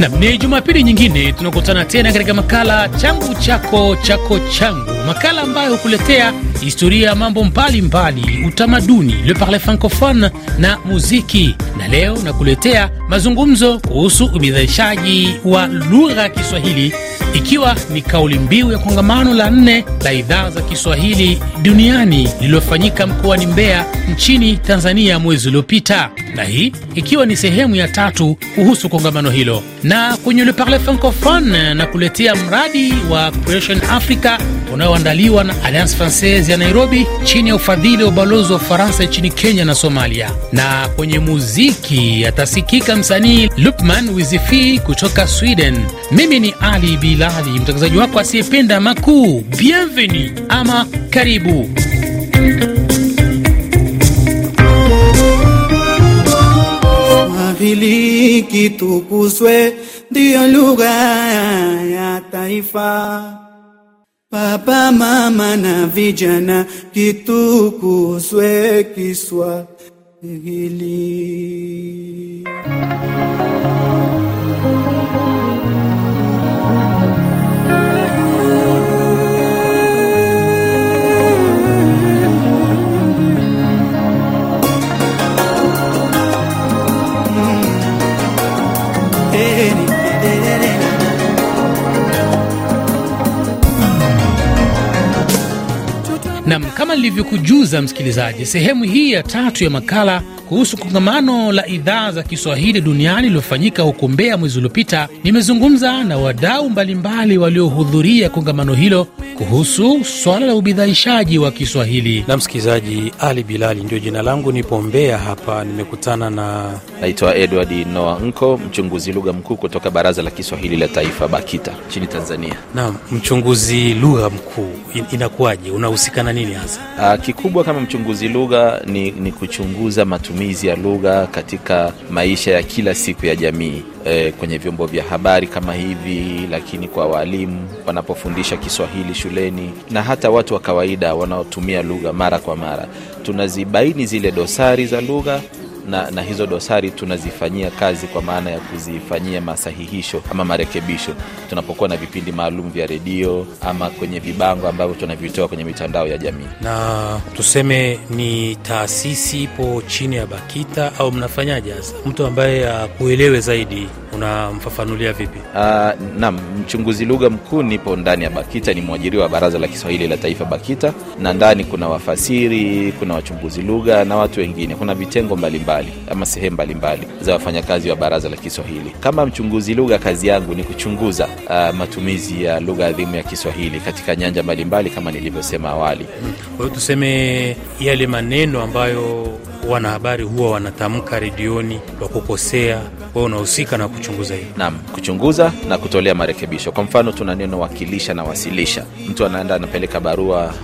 Nam, ni Jumapili nyingine tunakutana tena katika makala changu chako chako changu makala ambayo hukuletea historia ya mambo mbalimbali, utamaduni, le parle francophone na muziki. Na leo nakuletea mazungumzo kuhusu ubidhaishaji wa lugha ya Kiswahili, ikiwa ni kauli mbiu ya kongamano la nne la idhaa za Kiswahili duniani lililofanyika mkoani Mbeya nchini Tanzania mwezi uliopita, na hii ikiwa ni sehemu ya tatu kuhusu kongamano hilo. Na kwenye le parle francophone na kuletea mradi wa Creation Africa unao ulioandaliwa na Alliance Francaise ya Nairobi chini ya ufadhili wa ubalozi wa Faransa nchini Kenya na Somalia. Na kwenye muziki atasikika msanii Lupman Wizifi kutoka Sweden. Mimi ni Ali Bilali, mtangazaji wako asiyependa makuu. Bienvenue ama karibu. kitukuzwe, ndiyo lugha ya taifa papa mama na vijana, kitukuzwe Kiswahili. Kama nilivyokujuza msikilizaji, sehemu hii ya tatu ya makala kuhusu kongamano la idhaa za Kiswahili duniani lililofanyika huko Mbeya mwezi uliopita, nimezungumza na wadau mbalimbali waliohudhuria kongamano hilo kuhusu swala la ubidhaishaji wa Kiswahili. Na msikilizaji, Ali Bilali ndio jina langu, nipo Mbeya hapa, nimekutana na naitwa Edward Noa Nko, mchunguzi lugha mkuu kutoka Baraza la Kiswahili la Taifa, BAKITA, nchini Tanzania. Naam, mchunguzi lugha mkuu, inakuwaje? Unahusika na nini hasa? Ah, kikubwa kama mchunguzi lugha ni, ni kuchunguza matumizi matumizi ya lugha katika maisha ya kila siku ya jamii e, kwenye vyombo vya habari kama hivi, lakini kwa waalimu wanapofundisha Kiswahili shuleni na hata watu wa kawaida wanaotumia lugha mara kwa mara, tunazibaini zile dosari za lugha na, na hizo dosari tunazifanyia kazi kwa maana ya kuzifanyia masahihisho ama marekebisho tunapokuwa na vipindi maalum vya redio ama kwenye vibango ambavyo tunavitoa kwenye mitandao ya jamii. Na tuseme ni taasisi ipo chini ya BAKITA au mnafanyaje hasa? Mtu ambaye akuelewe zaidi unamfafanulia vipi? Uh, naam, mchunguzi lugha mkuu nipo ndani ya BAKITA, ni mwajiriwa wa Baraza la Kiswahili la Taifa BAKITA, na ndani kuna wafasiri, kuna wachunguzi lugha na watu wengine, kuna vitengo mbalimbali mbalimbali ama sehemu mbalimbali za wafanyakazi wa Baraza la Kiswahili. Kama mchunguzi lugha, kazi yangu ni kuchunguza uh, matumizi ya lugha adhimu ya Kiswahili katika nyanja mbalimbali kama nilivyosema awali. Kwa hiyo tuseme yale maneno ambayo wanahabari huwa wanatamka redioni kwa kukosea wewe unahusika na kuchunguza hiyo. Naam, kuchunguza na kutolea marekebisho. Kwa mfano, tuna neno wakilisha na wasilisha. Mtu anaenda anapeleka barua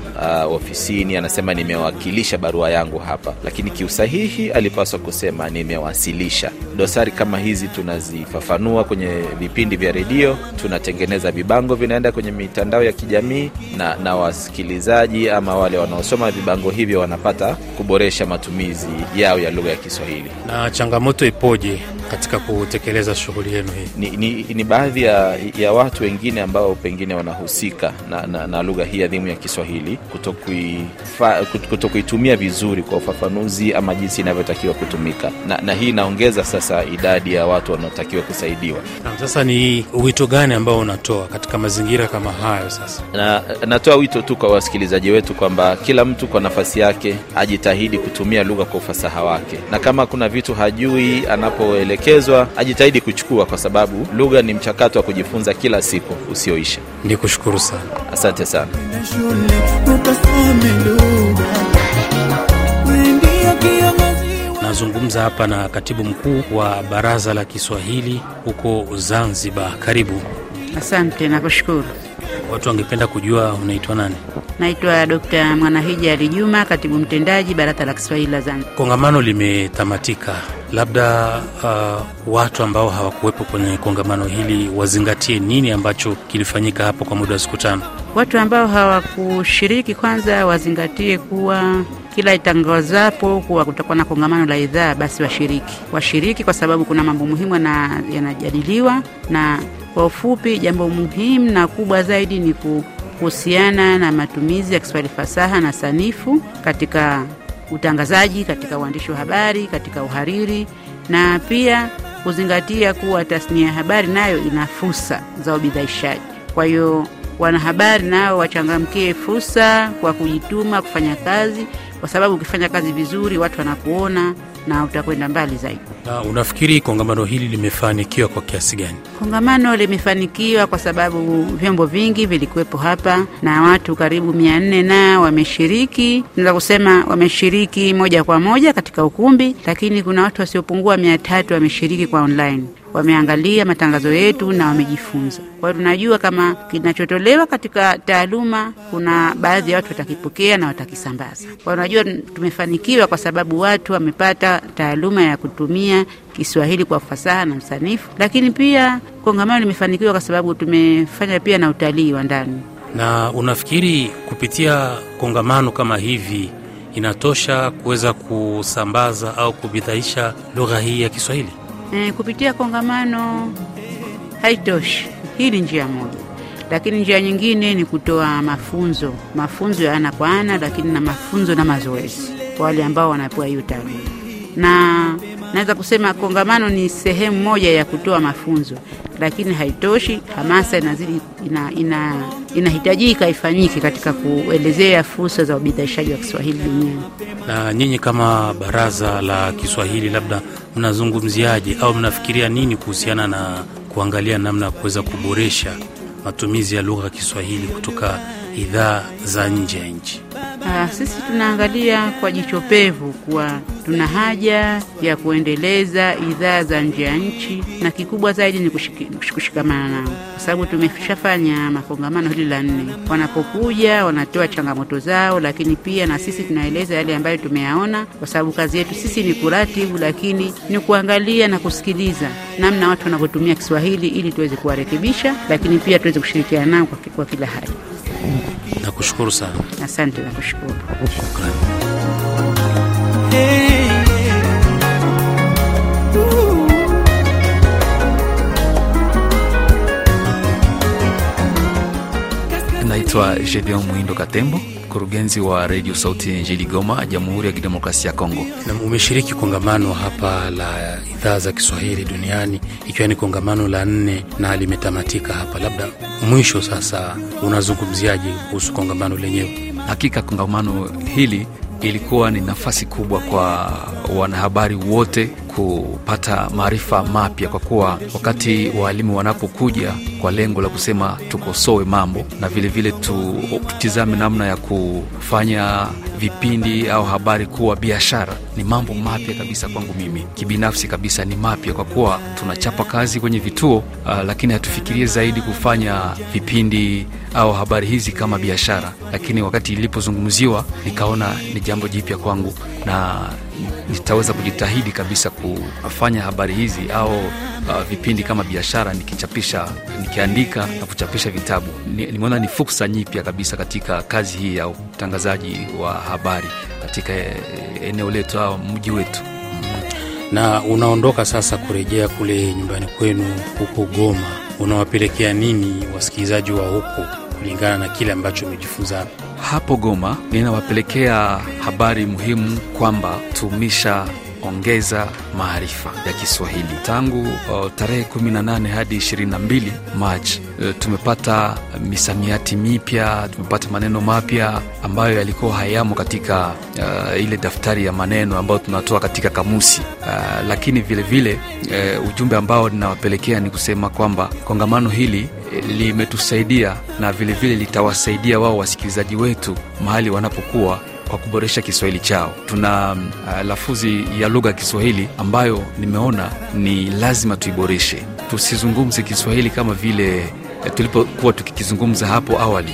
uh, ofisini, anasema nimewakilisha barua yangu hapa, lakini kiusahihi alipaswa kusema nimewasilisha. Dosari kama hizi tunazifafanua kwenye vipindi vya redio, tunatengeneza vibango vinaenda kwenye mitandao ya kijamii na, na wasikilizaji ama wale wanaosoma vibango hivyo wanapata kuboresha matumizi yao ya lugha ya Kiswahili. Na changamoto ipoje? katika kutekeleza shughuli yenu hii? Ni, ni, ni baadhi ya, ya watu wengine ambao pengine wanahusika na, na, na lugha hii adhimu ya Kiswahili kutokuitumia vizuri kwa ufafanuzi ama jinsi inavyotakiwa kutumika, na, na hii inaongeza sasa idadi ya watu wanaotakiwa kusaidiwa. Na sasa ni wito gani ambao unatoa katika mazingira kama hayo? Sasa na, natoa wito tu kwa wasikilizaji wetu kwamba kila mtu kwa nafasi yake ajitahidi kutumia lugha kwa ufasaha wake, na kama kuna vitu hajui anapoele anayoelekezwa ajitahidi kuchukua, kwa sababu lugha ni mchakato wa kujifunza kila siku usioisha. Ni kushukuru sana, asante sana. Nazungumza hapa na katibu mkuu wa Baraza la Kiswahili huko Zanzibar. Karibu. Asante, nakushukuru. Watu wangependa kujua unaitwa nani? Naitwa d Mwanahija Ali Juma, katibu mtendaji Baraza la Kiswahili la Zanzibar. Kongamano limetamatika, labda uh, watu ambao hawakuwepo kwenye kongamano hili wazingatie nini ambacho kilifanyika hapo kwa muda wa siku tano? Watu ambao hawakushiriki kwanza wazingatie kuwa kila itangazapo kuwa kutakuwa na kongamano la idhaa, basi washiriki, washiriki kwa sababu kuna mambo muhimu yanajadiliwa. Na kwa ufupi, jambo muhimu na kubwa zaidi ni kuhusiana na matumizi ya Kiswahili fasaha na sanifu katika utangazaji, katika uandishi wa habari, katika uhariri na pia kuzingatia kuwa tasnia ya habari nayo ina fursa za ubidhaishaji. Kwa hiyo wanahabari nao wachangamkie fursa kwa kujituma kufanya kazi, kwa sababu ukifanya kazi vizuri watu wanakuona, na utakwenda mbali zaidi. Na unafikiri kongamano hili limefanikiwa kwa kiasi gani? Kongamano limefanikiwa kwa sababu vyombo vingi vilikuwepo hapa na watu karibu mia nne na wameshiriki, naeza kusema wameshiriki moja kwa moja katika ukumbi, lakini kuna watu wasiopungua mia tatu wameshiriki kwa online wameangalia matangazo yetu na wamejifunza. Kwa hiyo tunajua kama kinachotolewa katika taaluma, kuna baadhi ya watu watakipokea na watakisambaza. Kwa hiyo unajua tumefanikiwa kwa sababu watu wamepata taaluma ya kutumia Kiswahili kwa ufasaha na usanifu, lakini pia kongamano limefanikiwa kwa sababu tumefanya pia na utalii wa ndani. Na unafikiri kupitia kongamano kama hivi inatosha kuweza kusambaza au kubidhaisha lugha hii ya Kiswahili? e, kupitia kongamano haitoshi. Hii ni njia moja, lakini njia nyingine ni kutoa mafunzo, mafunzo ya ana kwa ana, lakini na mafunzo na mazoezi kwa wale ambao wanapewa hiyo taaluma. Na naweza kusema kongamano ni sehemu moja ya kutoa mafunzo, lakini haitoshi. Hamasa inazidi ina, ina, inahitajika ifanyike katika kuelezea fursa za ubidhaishaji wa Kiswahili duniani. Na nyinyi kama baraza la Kiswahili, labda mnazungumziaje au mnafikiria nini kuhusiana na kuangalia namna ya kuweza kuboresha matumizi ya lugha ya Kiswahili kutoka idhaa za nje ya nchi? Aa, ah, sisi tunaangalia kwa jicho pevu kuwa tuna haja ya kuendeleza idhaa za nje ya nchi, na kikubwa zaidi ni kushikamana nao, kwa sababu tumeshafanya makongamano hili la nne. Wanapokuja wanatoa changamoto zao, lakini pia na sisi tunaeleza yale ambayo tumeyaona, kwa sababu kazi yetu sisi ni kuratibu, lakini ni kuangalia na kusikiliza namna watu wanavyotumia Kiswahili ili tuweze kuwarekebisha, lakini pia tuweze kushirikiana nao kwa kila hali. Nakushukuru sana. Asante, nakushukuru. Shukrani. Naitwa Gedeon Mwindo Katembo, mkurugenzi wa redio Sauti ya Injili Goma, Jamhuri ya Kidemokrasia ya Kongo. Na umeshiriki kongamano hapa la idhaa za Kiswahili duniani, ikiwa ni kongamano la nne na limetamatika hapa. Labda mwisho sasa, unazungumziaje kuhusu kongamano lenyewe? Hakika kongamano hili ilikuwa ni nafasi kubwa kwa wanahabari wote kupata maarifa mapya, kwa kuwa wakati waalimu wanapokuja kwa lengo la kusema tukosowe mambo na vilevile tutizame namna ya kufanya vipindi au habari kuwa biashara, ni mambo mapya kabisa kwangu mimi kibinafsi kabisa, ni mapya kwa kuwa tunachapa kazi kwenye vituo uh, lakini hatufikirie zaidi kufanya vipindi au habari hizi kama biashara, lakini wakati ilipozungumziwa nikaona ni jambo jipya kwangu na nitaweza kujitahidi kabisa kufanya habari hizi au uh, vipindi kama biashara, nikichapisha, nikiandika na kuchapisha vitabu. Nimeona ni, ni fursa nyipya kabisa katika kazi hii ya utangazaji wa habari katika eh, eneo letu au mji wetu. Na unaondoka sasa kurejea kule nyumbani kwenu huko Goma, unawapelekea nini wasikilizaji wa huko? kulingana na kile ambacho umejifunza hapa hapo Goma. Ninawapelekea habari muhimu kwamba tumisha ongeza maarifa ya Kiswahili tangu uh, tarehe 18 hadi 22 Machi. Uh, tumepata misamiati mipya, tumepata maneno mapya ambayo yalikuwa hayamo katika uh, ile daftari ya maneno ambayo tunatoa katika kamusi uh, lakini vilevile vile, uh, ujumbe ambao ninawapelekea ni kusema kwamba kongamano hili limetusaidia na vilevile litawasaidia wao wasikilizaji wetu mahali wanapokuwa kwa kuboresha Kiswahili chao. Tuna uh, lafuzi ya lugha ya Kiswahili ambayo nimeona ni lazima tuiboreshe. Tusizungumze Kiswahili kama vile eh, tulipokuwa tukikizungumza hapo awali,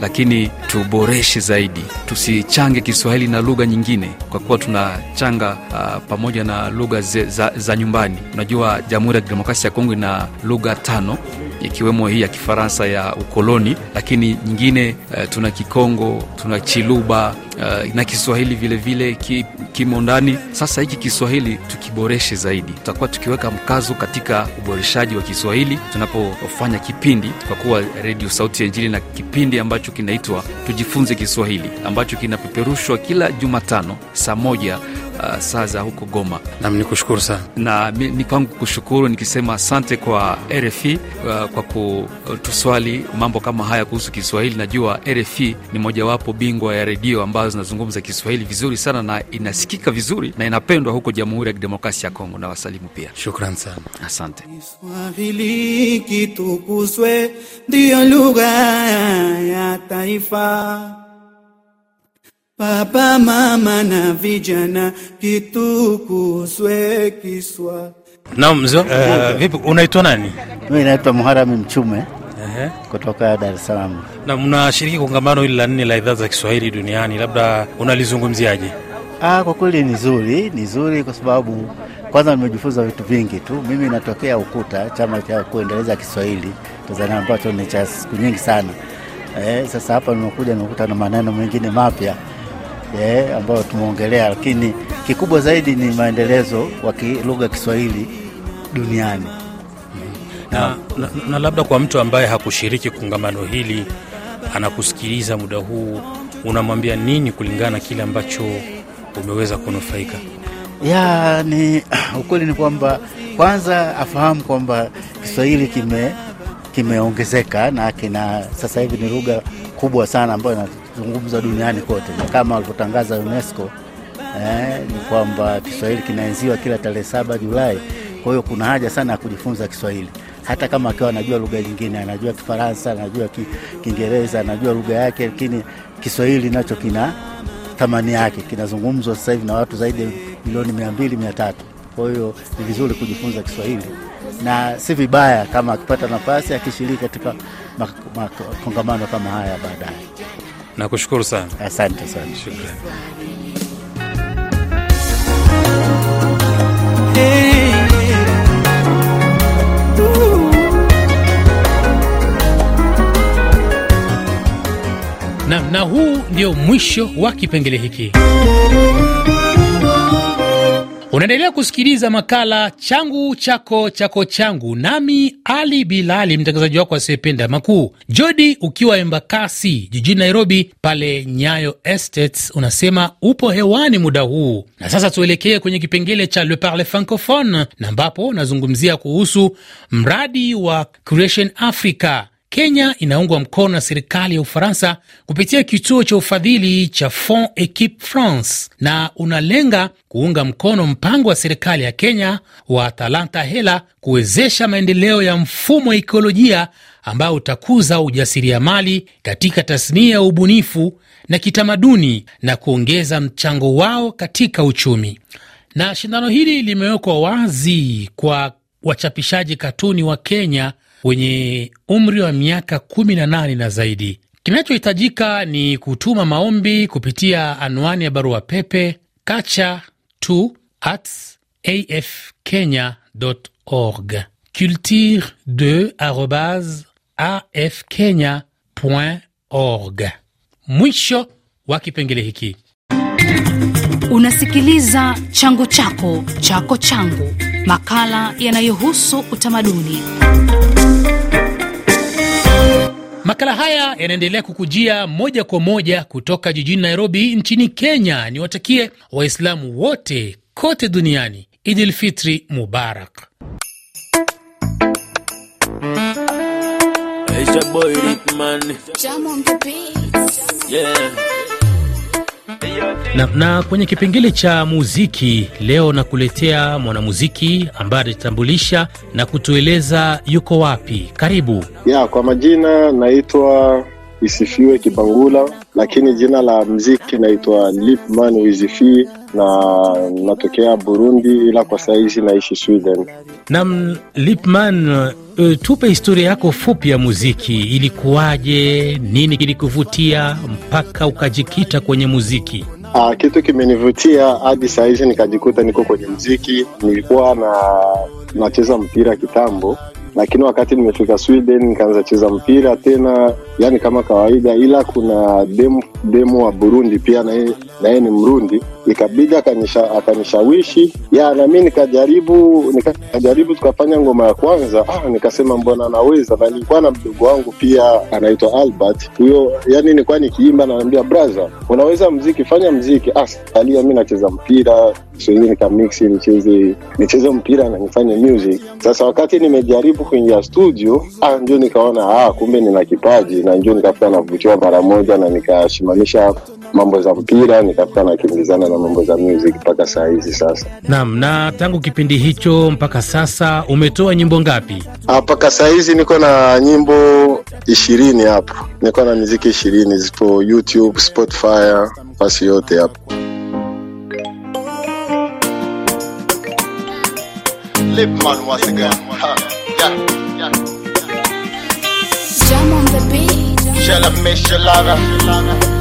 lakini tuboreshe zaidi. Tusichange Kiswahili na lugha nyingine, kwa kuwa tunachanga uh, pamoja na lugha za, za nyumbani. Unajua, Jamhuri ya Kidemokrasia ya Kongo ina lugha tano ikiwemo hii ya Kifaransa ya ukoloni, lakini nyingine uh, tuna Kikongo, tuna Chiluba uh, na Kiswahili vilevile vile, kimo ndani. Sasa hiki Kiswahili tukiboreshe zaidi, tutakuwa tukiweka mkazo katika uboreshaji wa Kiswahili tunapofanya kipindi, tukakuwa Redio Sauti ya Injili na kipindi ambacho kinaitwa Tujifunze Kiswahili ambacho kinapeperushwa kila Jumatano saa moja saza uh, saa za huko Goma. Nam ni kushukuru sana na ni kwangu kushukuru nikisema asante kwa RFI uh, kwa kutuswali mambo kama haya kuhusu Kiswahili. Najua RFI ni mojawapo bingwa ya redio ambazo zinazungumza Kiswahili vizuri sana na inasikika vizuri na inapendwa huko Jamhuri ya Kidemokrasia ya Kongo. Na wasalimu pia, shukran sana, asante. Kiswahili kitukuzwe, ndiyo lugha ya taifa. Papa, mama na vijana kitukuzwe kiswa. Na mzee, uh, vipi unaitwa nani? Mimi naitwa Muharami Mchume uh-huh. kutoka Dar es Salaam. Na mnashiriki kongamano hili la nne la idhaa za Kiswahili duniani, labda unalizungumziaje? Ah, kwa kweli ni zuri, ni zuri kwa sababu kwanza nimejifunza vitu vingi tu. Mimi natokea Ukuta, chama cha kuendeleza Kiswahili Tanzania ambacho ni cha siku nyingi sana. Eh, sasa hapa nimekuja nimekuta na maneno mengine mapya eh, ambayo tumeongelea, lakini kikubwa zaidi ni maendelezo wa lugha Kiswahili duniani na, na, na labda kwa mtu ambaye hakushiriki kongamano hili anakusikiliza muda huu, unamwambia nini kulingana na kile ambacho umeweza kunufaika? Ya, ni ukweli ni kwamba kwanza afahamu kwamba Kiswahili kime kimeongezeka na kina sasa hivi ni lugha kubwa sana ambayo kuzungumzwa duniani kote, na kama walivyotangaza UNESCO eh, ni kwamba Kiswahili kinaenziwa kila tarehe saba Julai. Kwa hiyo kuna haja sana ya kujifunza Kiswahili, hata kama akiwa anajua lugha nyingine, anajua Kifaransa, anajua Kiingereza, anajua lugha yake, lakini Kiswahili nacho kina thamani yake, kinazungumzwa sasa hivi na watu zaidi ya milioni mia mbili mia tatu. Kwa hiyo ni vizuri kujifunza Kiswahili na si vibaya kama akipata nafasi akishiriki katika makongamano kama haya baadaye. Nakushukuru sana, asante sana, shukrani. Na, na huu ndio mwisho wa kipengele hiki. Unaendelea kusikiliza makala changu chako chako changu, nami Ali Bilali, mtangazaji wako asiyependa makuu. Jodi, ukiwa Embakasi jijini Nairobi pale Nyayo Estates, unasema upo hewani muda huu. Na sasa tuelekee kwenye kipengele cha Le Parle Francophone, na ambapo unazungumzia kuhusu mradi wa Creation Africa Kenya inaungwa mkono na serikali ya Ufaransa kupitia kituo cha ufadhili cha Fond Equipe France na unalenga kuunga mkono mpango wa serikali ya Kenya wa Talanta Hela kuwezesha maendeleo ya mfumo wa ikolojia ambao utakuza ujasiriamali katika tasnia ya ubunifu na kitamaduni na kuongeza mchango wao katika uchumi. Na shindano hili limewekwa wazi kwa wachapishaji katuni wa Kenya wenye umri wa miaka 18 na zaidi. Kinachohitajika ni kutuma maombi kupitia anwani ya barua pepe kacha tu at org culture de arobas org. Mwisho wa kipengele hiki. Unasikiliza changu chako chako changu makala yanayohusu utamaduni. Makala haya yanaendelea kukujia moja kwa moja kutoka jijini Nairobi nchini Kenya. Niwatakie Waislamu wote kote duniani Idil Fitri Mubarak. Hey, na, na kwenye kipengele cha muziki leo nakuletea mwanamuziki ambaye anajitambulisha na kutueleza yuko wapi. Karibu ya. Kwa majina naitwa Isifiwe Kibangula, lakini jina la mziki naitwa Lipman Wizifi na natokea Burundi, ila kwa sahizi naishi Sweden. Nam Lipman, uh, eh, tupe historia yako fupi ya muziki. Ilikuwaje? Nini kilikuvutia mpaka ukajikita kwenye muziki? Aa, ah, kitu kimenivutia hadi sahizi nikajikuta niko kwenye muziki. Nilikuwa na nacheza mpira kitambo lakini wakati nimefika Sweden nikaanza cheza mpira tena, yani kama kawaida, ila kuna demu, demu wa Burundi pia na na yeye ni Mrundi, ikabidi akanishawishi ya na mimi nikajaribu, nikajaribu tukafanya ngoma ya kwanza. Ah, nikasema mbona naweza, na nilikuwa na mdogo wangu pia anaitwa Albert huyo, yani nilikuwa nikiimba naambia brother, unaweza mziki, fanya mziki. Ah, salia mimi nacheza mpira siwezi nikamixi nicheze nicheze mpira na nifanye music. Sasa wakati nimejaribu kuingia studio, ah, ndio nikaona ah, kumbe nina kipaji, na ndio nikafuta navutiwa mara moja na nikashimanisha mambo za mpira, nikakuwa nakimbizana na mambo za music mpaka saa hizi sasa. Naam. Na tangu kipindi hicho mpaka sasa umetoa nyimbo ngapi? Ah, mpaka saa hizi niko na nyimbo ishirini hapo, niko na miziki ishirini zipo YouTube, Spotify, nafasi yote hapo. Lipman once again. Yeah. Yeah.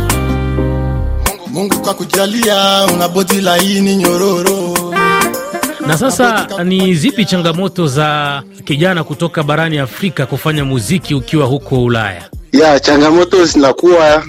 Mungu kwa kujalia, una laini nyororo na sasa ni zipi changamoto za kijana kutoka barani Afrika kufanya muziki ukiwa huko Ulaya? Ya, changamoto zinakuwa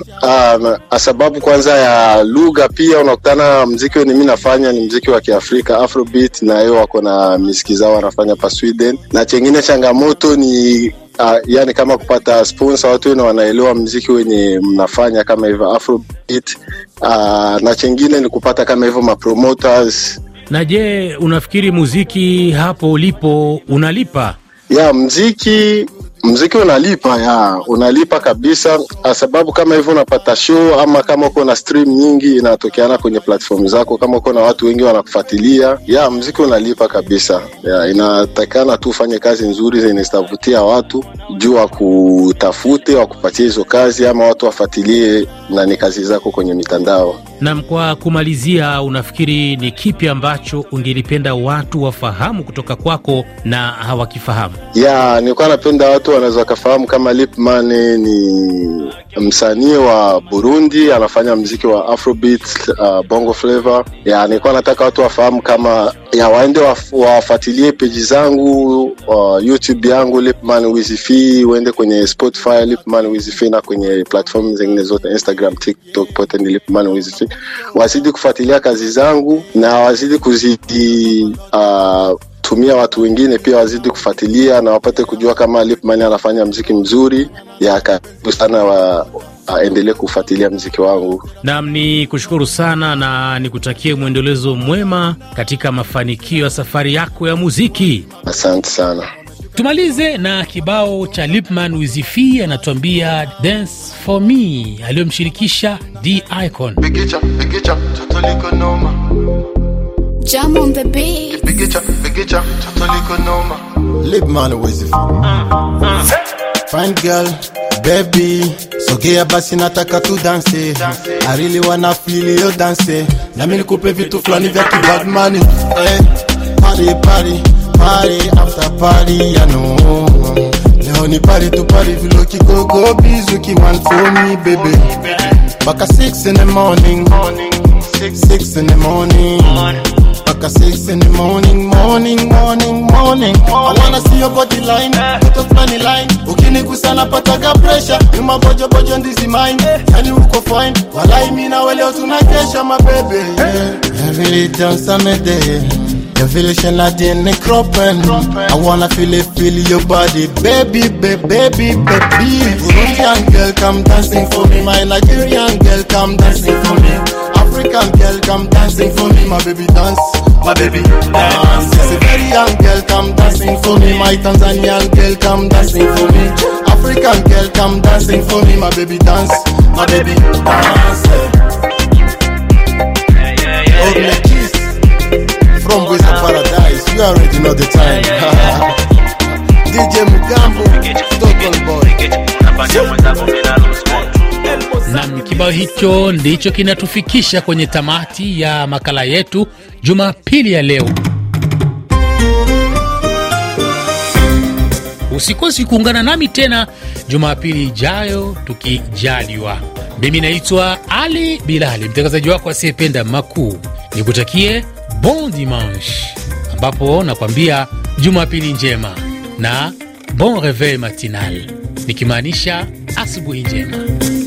uh, sababu kwanza ya lugha. Pia unakutana mziki ni mimi nafanya ni mziki wa Kiafrika Afrobeat, na yeye wako na miziki zao wanafanya pa Sweden, na chengine changamoto ni Uh, yani kama kupata sponsor watu wenye wanaelewa mziki wenye mnafanya kama hivyo Afrobeat. Uh, na chengine ni kupata kama hivyo ma promoters na je, unafikiri muziki hapo ulipo unalipa? Ya mziki mziki unalipa, ya unalipa kabisa, kwa sababu kama hivyo unapata show ama kama uko na stream nyingi inatokeana kwenye platform zako, kama uko na watu wengi wanakufuatilia, ya mziki unalipa kabisa. Ya inatakana tu ufanye kazi nzuri zenye zitavutia watu juu wakutafute, wakupatie hizo kazi ama watu wafuatilie na ni kazi zako kwenye mitandao. Nam, kwa kumalizia, unafikiri ni kipi ambacho ungelipenda watu wafahamu kutoka kwako na hawakifahamu? Ya, nilikuwa napenda watu wanaweza wakafahamu kama lipman ni msanii wa Burundi, anafanya mziki wa Afrobeat, uh, bongo flava. Ya, nilikuwa nataka watu wafahamu kama ya waende wafuatilie peji zangu uh, YouTube yangu Lipman wizifi uende kwenye Spotify Lipman Wizzy na kwenye platform zingine zote Instagram, TikTok pote ni Lipman Wizzy. Wazidi kufuatilia kazi zangu na wazidi kuzidi uh, tumia watu wengine pia wazidi kufuatilia na wapate kujua kama Lipman anafanya mziki mzuri ya karibu sana wa aendelee kufuatilia mziki wangu. Nam ni kushukuru sana na nikutakie mwendelezo mwema katika mafanikio ya safari yako ya muziki. Asante sana. Tumalize na kibao cha Lipman Wizifi anatuambia dance for me, aliyomshirikisha D Icon. Lipman Wizifi. Uh, uh, uh. Fine girl Baby, sogea basi nataka tu danse I really wanna feel you danse Nami nikupe vitu flani vya bad money hey, Party, party, party after party, ya no Leo ni party tu party vilo kigogo bizu ki want for me baby Baka 6 in the morning 6 in the morning like six in the morning, morning, morning, morning. I wanna see your body line, put a funny line. Ukinigusana pataga pressure, nyuma bojo bojo is mine. Yani uko fine, walai mimi na wewe tunakesha mabebe. I really done some day. Your volition at the end cropping. I wanna feel it, feel your body, baby, baby, baby, baby. Burundian girl, come dancing for me. My Nigerian girl, come dancing for me. African girl, come dancing for me, my baby dance. My baby dance. Sexy very young girl, come dancing for me, my Tanzanian girl, come dancing for me. African girl, come dancing for me, my baby dance. My baby dance. Hold me kiss from of Paradise. You already know the time. DJ Mugambo, Total Boy. Kibao hicho ndicho kinatufikisha kwenye tamati ya makala yetu Jumapili ya leo. Usikosi kuungana nami tena Jumapili ijayo tukijaliwa. Mimi naitwa Ali Bilali, mtangazaji wako asiyependa makuu. Nikutakie bon dimanche, ambapo nakwambia Jumapili njema na bon reveil matinal, nikimaanisha asubuhi njema.